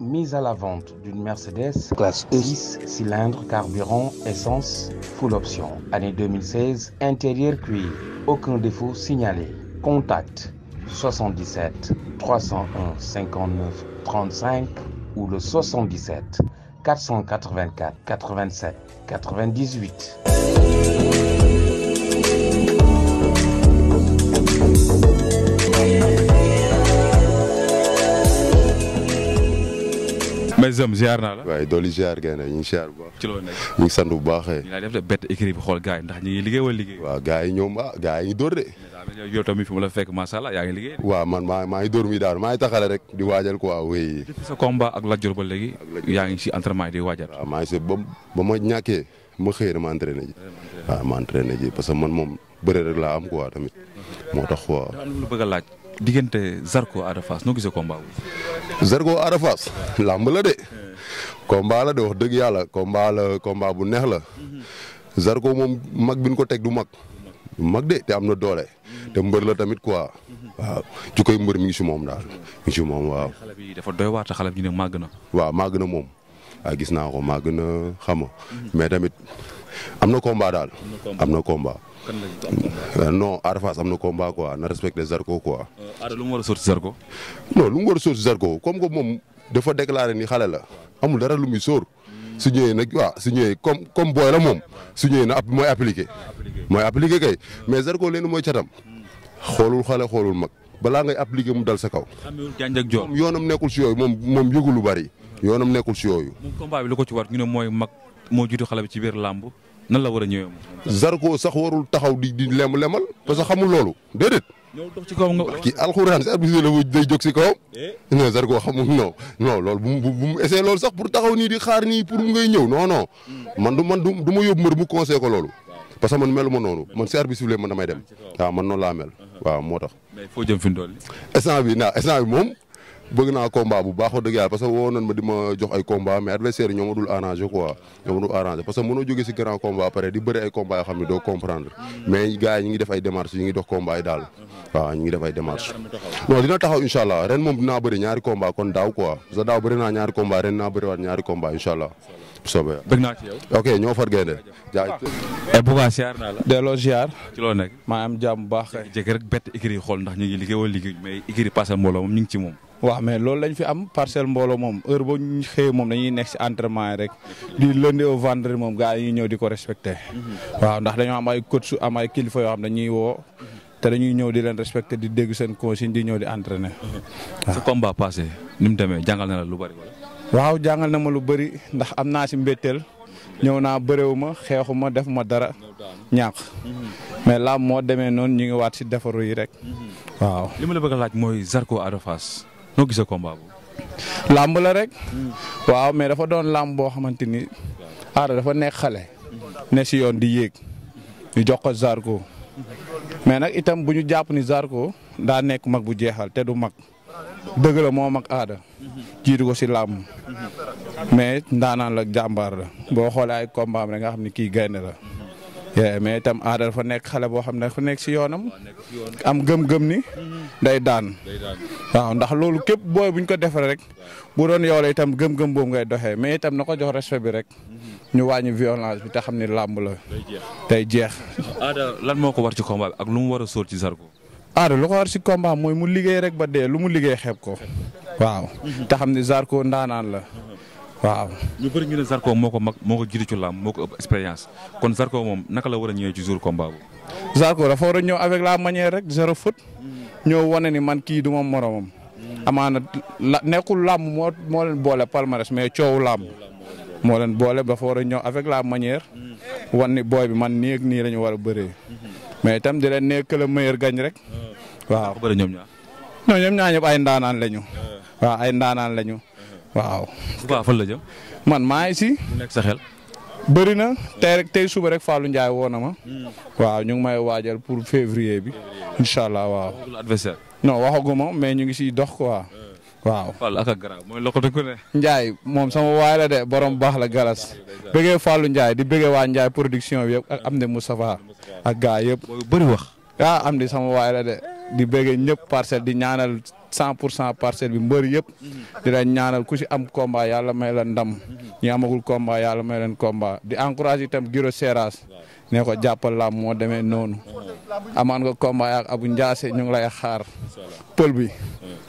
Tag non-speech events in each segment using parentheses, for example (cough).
mise à la vente d'une Mercedes classe E 6 cylindres, carburant, essence, full option. Année 2016, intérieur cuir. Aucun défaut signalé. Contact 77 301 59 35 ou le 77 484 87 98. mais Zem ziar na la. way doli ziar gay na ñu ziar bu baax. ci lo nek ñu ngi bu baxé eh. ñu ngi lay def de écrit bi xol gars ndax ñu ngi liggéey wal liggéey. wa gars ñom ñoom ah gars de. waa yow tamit fi mu la fekk macha allah yaa ngi liggéey. waaw man maa maa ngi dóor muy daal maa ngi rek di waajal quoi oui. depuis sa combat ak Lat ba léegi. yaa ngi si entraînement yi di waajal. waaw maa ngi si ba ba ma ñàkkee ma xëy na ma entraîné na waaw ma entraîné ji parce que man moom bëre rek laa am quoi tamit moo tax quoi. daa am bëgg a laaj diggante Zarko Ada Fass noo gisee combat wu. Zarko Ada Fass de. combat la de wax dëgg yàlla combat la combat bu neex la. Mhm. Zarko moom mag bi ñu ko teg du mag. mag de te am na doole. te mbër la tamit quoi. waaw ci koy mbër mi ngi si moom daal mi moom waaw. xale bi dafa doy waar te xale ne màgg na. waaw màgg na moom. waaw gis naa ko màgg na xama mais tamit am na combat daal. am na combat kan la euh, non Ada am na combat quoi na respecté Zarko quoi. Euh, Ada lu mu war a sotti Zarko. non lu mu war a sotti Zarko comme que moom dafa déclaré ni xale la. amul dara lu muy sóor. su ñëwee nag waaw su comme comme booy la moom su ñëwee na mooy appliqué mooy appliqué kay mais Zarko leen mooy catam xoolul xale xoolul mag balaa ngay appliqué mu dal sa kaw. moom yoonam nekkul si yooyu moom moom yëgul lu bari yoonam nekkul si yooyu. moom combat ko ci war ñu ne mooy mag moo jiitu xale bi ci biir làmb nan la war a ñëwee. Zarko sax warul taxaw di di lem lemal parce que xamul loolu déedéet. ñëw dox kaw nga. waaw kii alxuraan si arbitre la day jóg si kawam. Eh? non Zarko loolu bu mu bu loolu sax pour taxaw nii di xaar nii pour mu ngay ñëw non non. Hmm. man du man du du ma yóbbu mbër mu conseillé ko loolu. parce que man mel ma noonu man si arbitre bi man may dem. waaw man noonu laa mel. waaw moo tax. mais foo jëm fi mu toll nii. instant bi naa instant bi moom. bëgg naa combat bu baax dëgg yàlla parce que woo nañ ma jox ay combat mais adversaire yi dul arrangé quoi ñoo dul arrangé parce que mënoo jóge si pare di bëri ay combat yoo doo comprendre mais gars yi ngi def ay démarches ñu ngi dox combat yi daal waaw ñu ngi def ay démarches non dina taxaw incha allah ren moom dinaa bëri ñaari combat kon daaw quoi daaw bëri naa ñaari combat ren naa bëri waat ñaari combat incha bu soobee bëgg naa ci yow. ok ñoo far gaynde jaay eh, siyaar naa siyaar. ci loo nekk maa am bu baax. jékki rek bett écurie xool ndax ñu ngi liggéey wala liggéey mais écurie parcelle mbooloo moom ñu ngi ci moom. waaw mais loolu lañ fi am parcelle mbooloo moom heure boo ñu xëyee moom dañuy nekk si entraînement yi rek du lundi au vendredi moom gars yi ñëw di ko respecté. Mhm. waaw ndax dañoo am ay su am ay kilifa yoo xam dañuy woo. Mhm. te dañuy ñëw di leen respecté di dégg seen consigne di ñëw di entraîné. waaw sa combat passé ni mu demee jàngal na lu bari wala waaw jàngal na ma lu bëri ndax am naa si mbétteel ñëw naa bëréewu ma xeexu ma def dara ñàkk mhm. mais laam moo demee noonu ñu ngi waat si defaru yi rek mhm. waaw. li ma la bëgg a mooy Zarko Ada Fass noo gisee combat làmb la rek. Mhm. waaw mais dafa doon làmb boo xamante ni Ada dafa nekk xale. ne si yoon di yéeg ñu jox ko Zarko mais nag itam bu ñu jàpp ni Zarko daa nekk mag bu jeexal te du mag dëgg la moo mag Ada jiitu ko si làmm mais ndaanaan la jàmbaar la boo xoolee ay combat am rek nga xam ne kii gaynde la mais itam aada dafa nekk xale boo xam ne dafa nekk si yoonam am gëm-gëm ni day daan waaw ndax loolu képp booy bu ñu ko defee rek bu doon yow itam gëm-gëm boobu ngay doxee mais itam na ko jox respect bi rek ñu wàññi violence bi te xam ne làmb la day jeex. aada lan moo ko war ci combat ak lu mu war a sóor ci Zarko. aada lu ko mooy mu liggéey rek ba dee lu mu liggéey xeeb ko. waaw te xam ne Zarko ndaanaan la waaw. ñu bëri ñu ne Zarko moo ko mag mooko ko jiitu ci làmb moo ko ëpp expérience kon Zarko moom naka la war a ñëwee ci jour combat bu. Zarko dafa war a ñëw avec la manière rek zéro faute ñëw wane ni man kii du ma moromam. amaana la nekkul làmb moo moo leen boole palmarès mais coow làmb moo leen boole dafa war a ñëw avec la manière wan ni booy bi man nii nii la war a bëree mais itam di leen nekk le meilleur gañ rek waaw. ñoom ñaar ñoom ndaanaan lañu. waaw ay ndaanaan lañu. waaw. Touba fan la jëm. man maa ngi si. mu nekk sa xel. bëri na tey rek tey suba rek Fallou Ndiaye woo na ma. waaw ñu may waajal pour février bi. incha allah waaw. adversaire. non waxaguma mais ñu ngi siy dox quoi. waaw Fallou ak ak garaaw mooy loxo ku ne. Ndiaye moom sama waay la de borom baax la garas bëggee Fallou Ndiaye di bëggee waa Ndiaye production bi yëpp ak Amdi Moustapha gaa yëpp. bëri wax. ah Amdi sama waay la de di bëggee ñëpp parcelle di ñaanal. cent pour cent parcelle bi mbër yëpp di la ñaanal ku si am combat yàlla may la ndam ñi amagul combat yàlla may leen combat di encouragé tam Giro Seras ne ko jàppal lam moo demee noonu amaan nga combat yaak Abu Ndiasse ñu ngi lay xaar pël bi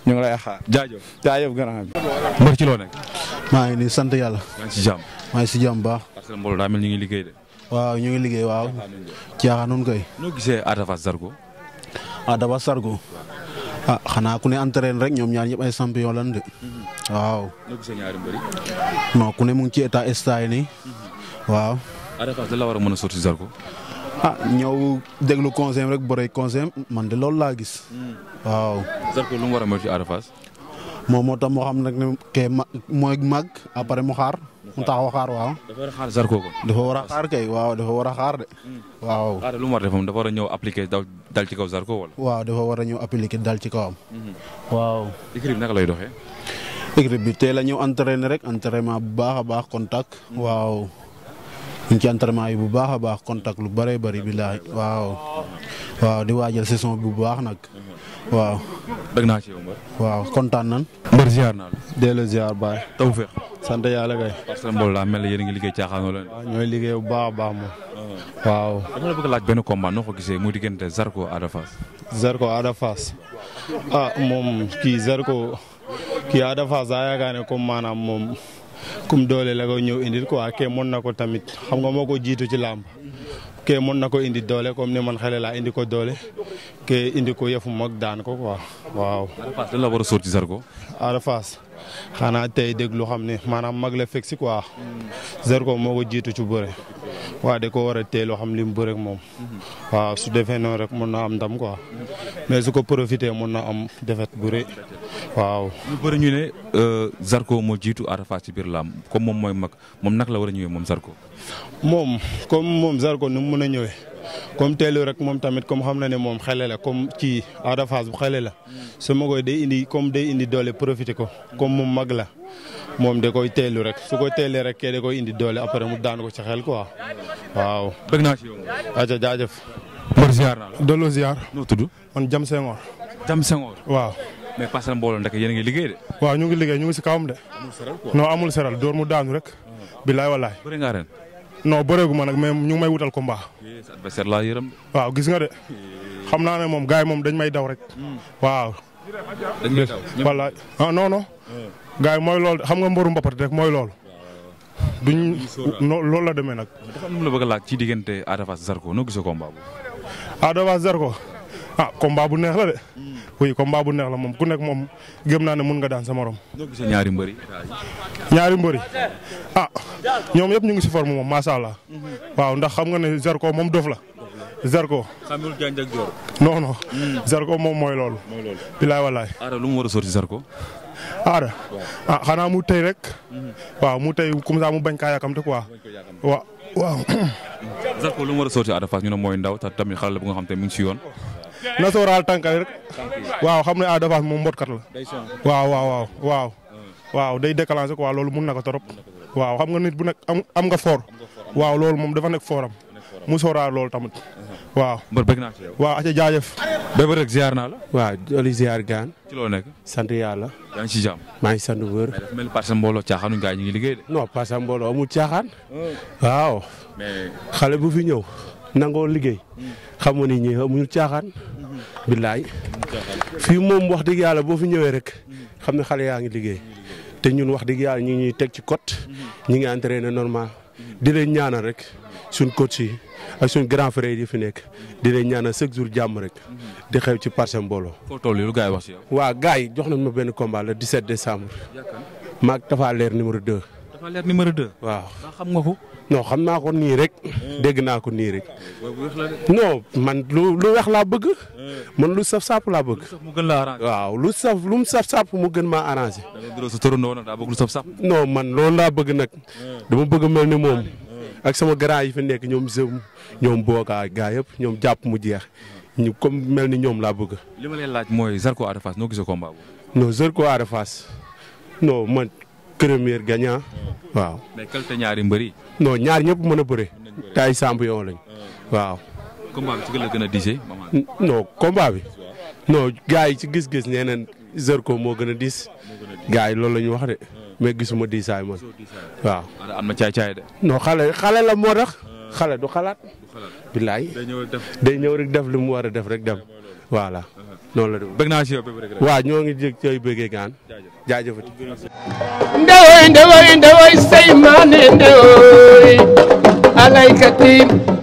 ñu ngi lay xaar jaajëf jaajëf grand bi mbër ci loo nekk maa ngi nii sant yàlla maa si jàmm maa ngi si jàmm baax parcelle mbooloo mel ñu ngi liggéey de waaw ñu ngi liggéey waaw caaxaanun koy noo gisee Ada Fass ah xanaa ku ne entraîne rek ñoom ñaar ñëpp ay champion lan de. waaw. nga gisee ne mu ngi ci état état yi waaw. Ada Fass la war a mën a sorti Zarko. ah ñëw déglu conseil rek boroy conseil man de loolu laa gis. Hmm. waaw. lu war a mën ci moom moo tax moo xam nag ne kay ma mooy màgg après mu xaar. mu taxaw xaar waaw. dafa war a xaar ko. dafa war a kay waaw dafa war a xaar de. Mm. waaw. ah lu mu def moom dafa war a ñëw appliqué dal ci kaw Zarko wala. waaw dafa war a ñëw appliqué dal ci kawam. Mm-hmm. waaw. équipe bi naka lay doxee. équipe bi tey la ñëw entraîné rek entraînement bu baax a baax contact. Mm-hmm. waaw. ñu ci entraînement yi bu baax a baax contact lu bëree bëri billaahi waaw waaw di waajal saison bu baax nag waaw. dëgg naa ci yow mbër. waaw kontaan nan. mbër ziar naa la. delloo ziar baay. tawfeex. sant yàlla kay. parce que mbooloo laa mel ni yéen ngi liggéey caaxaanoo leen. waaw ñooy liggéey bu baax a baax moom. Uh-huh. waaw. dama la laaj benn combat noo ko gisee muy diggante Zarko Ada Fass. Zarko Ada Fass ah moom kii Zarko kii Ada Fass daa yaakaar ne comme maanaam moom. kum doole la ko ñëw indil quoi kee mën na ko tamit xam nga moo ko jiitu ci làmb kee mën na ko indi doole comme ni man xale laa indi ko doole kee indi ko yëfu mag daan ko ko waaw. Arafaas lan war a sóor ci Zarko. Arafaas xanaa tey dégg lu xam ne maanaam mag la fekk si quoi Zarko moo ko jiitu ci bëre waaw da ko war a teel loo xam li mu bëre moom. waaw su defee noonu rek mën na am ndam ko mais su ko profité mën na am defet bu waaw ñu bëri ñu ne euh, Zarko moo jiitu Ada ci biir làmb comme moom mooy mag moom naka la war a ñëwee moom Zarko. moom comme moom Zarko nu mu mën a ñëwee comme teelu rek moom tamit comme xam na ne moom xele la comme ci Ada Fass bu xale la su ma koy day indi comme day indi doole profité ko comme moom mag la. moom de koy teelu rek su ko teelee rek kee da koy indi doole après mu daan ko ci xel quoi waaw. bëgg naa ci yow. aca jaajëf. mbër ziar naa la. delloo ziar. noo tudd. man Jam Senghor. Jam waaw. mais parcelle mbooloo ndek yéen a ngi liggéey de. waaw ñu ngi liggéey ñu ngi si kawam de. amul seral quoi amul seral dóor mu daanu rek. Ah. bilaay walaay. bëri ngaa ren. non bëreegu ma nag mais ñu may wutal combat. sa adversaire laa yërëm de. waaw gis nga de xam naa ne moom gars yi moom dañ may daw rek. Hmm. waaw. dañ may daw walaay ah non non. Ah. gars xam nga mboru mbapat rek mooy loolu. duñ loolu la demee nag. dafa am lu la bëgg a laaj ci diggante Ada Fass Zarko noo gisee combat boobu. Ada Fass ah combat bu neex la de. Hmm. oui combat bu neex la moom ku nekk moom gëm naa ne mun nga daan sa morom. ñoo gisee ñaari mbëri. ñaari mbëri ah ñoom yëpp ñu ngi si forme moom macha allah. Hmm. waaw ndax xam nga ne Zarko moom dof la. Zarko. xamul janj ak hmm. moom mooy loolu. bilaay walaay. lu mu war a sorti Zarko. Aada ah xanaa mu tey rek. waaw mu tey comme ça mu bañ kaa yàkkamte quoi. waaw waaw. (coughs) Zarko lu mu war a sotti Ada ndaw te tamit xale bu nga xam te mu ngi si yoon. na sóoraal tànk rek. waaw xam ne Ada Fass moom mbotkat la. waaw waaw waaw waaw. waaw day déclenché quoi loolu mun na ko trop. waaw xam nga nit bu nekk am am nga fort. waaw loolu moom dafa nekk foram. mu sóoraal loolu tamit. waaw mbër bëgg naa ci yow. waaw aca jaajëf. Bébé Reug naa la. waaw joli ziar gaan. ci loo nekk. sant yàlla. yaa ngi ci jàmm. maa ngi sant bu wër. mais dafa mel ni parce que mbooloo caaxaanuñ gars yi ñu ngi liggéey de. no parce que mbooloo amul caaxaan. Oh. waaw. xale bu fi ñëw. nangoo liggéey. xam nga ni ñii amuñu caaxaan. billaay. fii moom wax dëgg yàlla boo fi ñëwee rek. xam ne xale yaa ngi liggéey. te ñun wax dëgg yàlla ñu ñuy teg ci côte. ñu ngi na normal. di leen ñaanal rek suñ coach si ak suñ grand frère yi fi nekk di leen ñaanal chaque jour jàmm rek di xew ci parce mbooloo. foo toll lu gars yi wax si yow. waaw gars yi jox nañ ma benn dix le 17 décembre. maag Tafa Leer numéro 2. Valère numéro 2. waaw xam nga ko. non xam naa ko nii rek. Hmm. dégg naa ko nii rek. non man lu lu weex laa bëgg. Hmm. man lu saf sàpp laa bëgg. mu waaw lu saf lu mu saf sàpp mu gën maa arrangé. daa bëgg lu saf sàpp. man loolu laa bëgg nag. Hmm. dama bëgg mel ni moom. ak sama grand yi fi nekk ñoom Zem ñoom Boka gaa yëpp ñoom jàpp mu jeex ñu comme mel ni ñoom laa bëgg. li ma leen laaj mooy Zarko Ada Fass noo gisee combat boobu. Ada Fass non man premier a waaw. mais quel ñaari mbër yi. non ñaar ñëpp mën a bëre. te ay champion lañ waaw. combat bi ci la gën a diisee. Eh, non combat bi non gars yi ci gis-gis nee nañ Zarko moo gën a diis gars yi loolu la ñu wax de mais gisuma diisaay man waaw. am na caay-caay de. non xale xale la moo tax. xale du xalaat. bilaay day ñëw rek def li mu war a def rek dem. voilà noonu uh-huh. la dugg bëgg naa si yow waaw ñoo ngi jég cay bëggee gaan jaajëfati ndewoy ndewoy ndewoy say maane ndewoy alaykati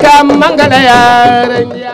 kam mangala yaara